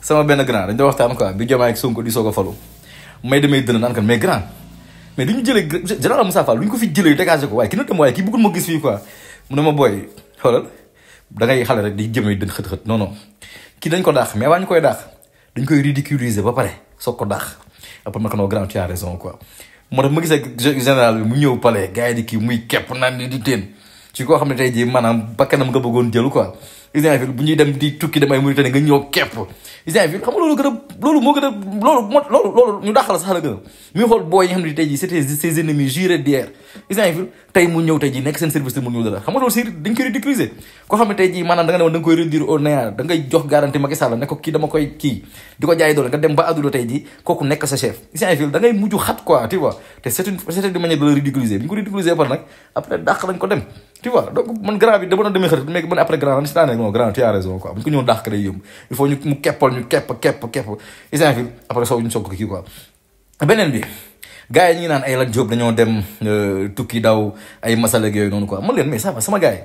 sama benn grand dañ doon waxtaan quoi bi Diomaye ak Sonko di soog a falu may demee dënn naan kan mais grand mais du ñu jële général Moussa Fall du ñu ko fi jëlee dégagé ko waaye ki na dem waaye kii bëggul ma gis ma booy da ngay xale rek di jëmee dën xët-xët non kii dañ ko daax mais waa ñu koy daax dañ koy ridiculiser ba pare soo ko daax après ma ko noo grand tu raison quoi moo tax ma gisee général bi mu ñëw pale gars yi di kii muy képp naan di di teen ci koo xam ne tey jii maanaam bakkanam nga bëggoon jëlu quoi bu ñuy dem di tukki dem ay Mauritanie nga ñëw képp Israël loolu gën a loolu moo gën a loolu loolu loolu ñu dàqal sax la gën a mi xool booy yi xam ne tey tey mu ñëw tey jii loolu si dañ koy ridiculiser koo xam ne kooku nekk sa chef Israël da mujj xat quoi tu vois te c'est une c'est une manière de ñu ko ridiculiser par nag après dàq lañ ko dem tu vois donc man grand bi da ba noon xarit mais man après grand man si non grand e e eh, tu as raison quoi bu ñu ko ñëw dàq day yëmb il faut ñu mu keppal ñu kepp kepp kepp isin fi après soo ñu soog ko kii quoi beneen man leen mais sama gars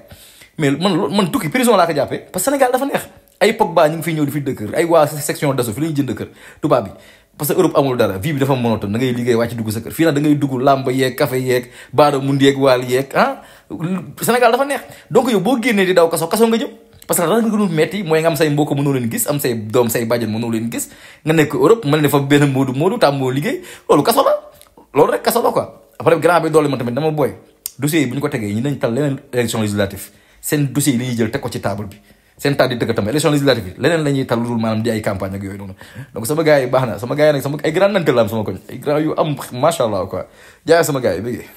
mais man tukki prison laa ko jàppee parce Sénégal dafa neex ay Pogba ñu ngi ñëw di fi dëkkër ay waa section d'assaut fi la jënd kër tubaab bi parce Europe amul dara vie bi dafa monotone da ngay liggéey wàcc dugg sa kër fii nag da ngay làmb yeeg café yeeg baara mundi yeeg di daw kaso kaso parce que dara nga dul metti mooy nga am say mbokk mënoo leen gis am say doom say bàjjen mënoo leen gis nga nekk Europe mel ne fa benn moodu moodu tàmmoo liggéey loolu kaso la loolu rek kaso la quoi ko tegee sama gars yi baax na sama gars yi nag sama ay grand nantel la am sama koñ ay grand yu am macha allah quoi jaay sama gars yi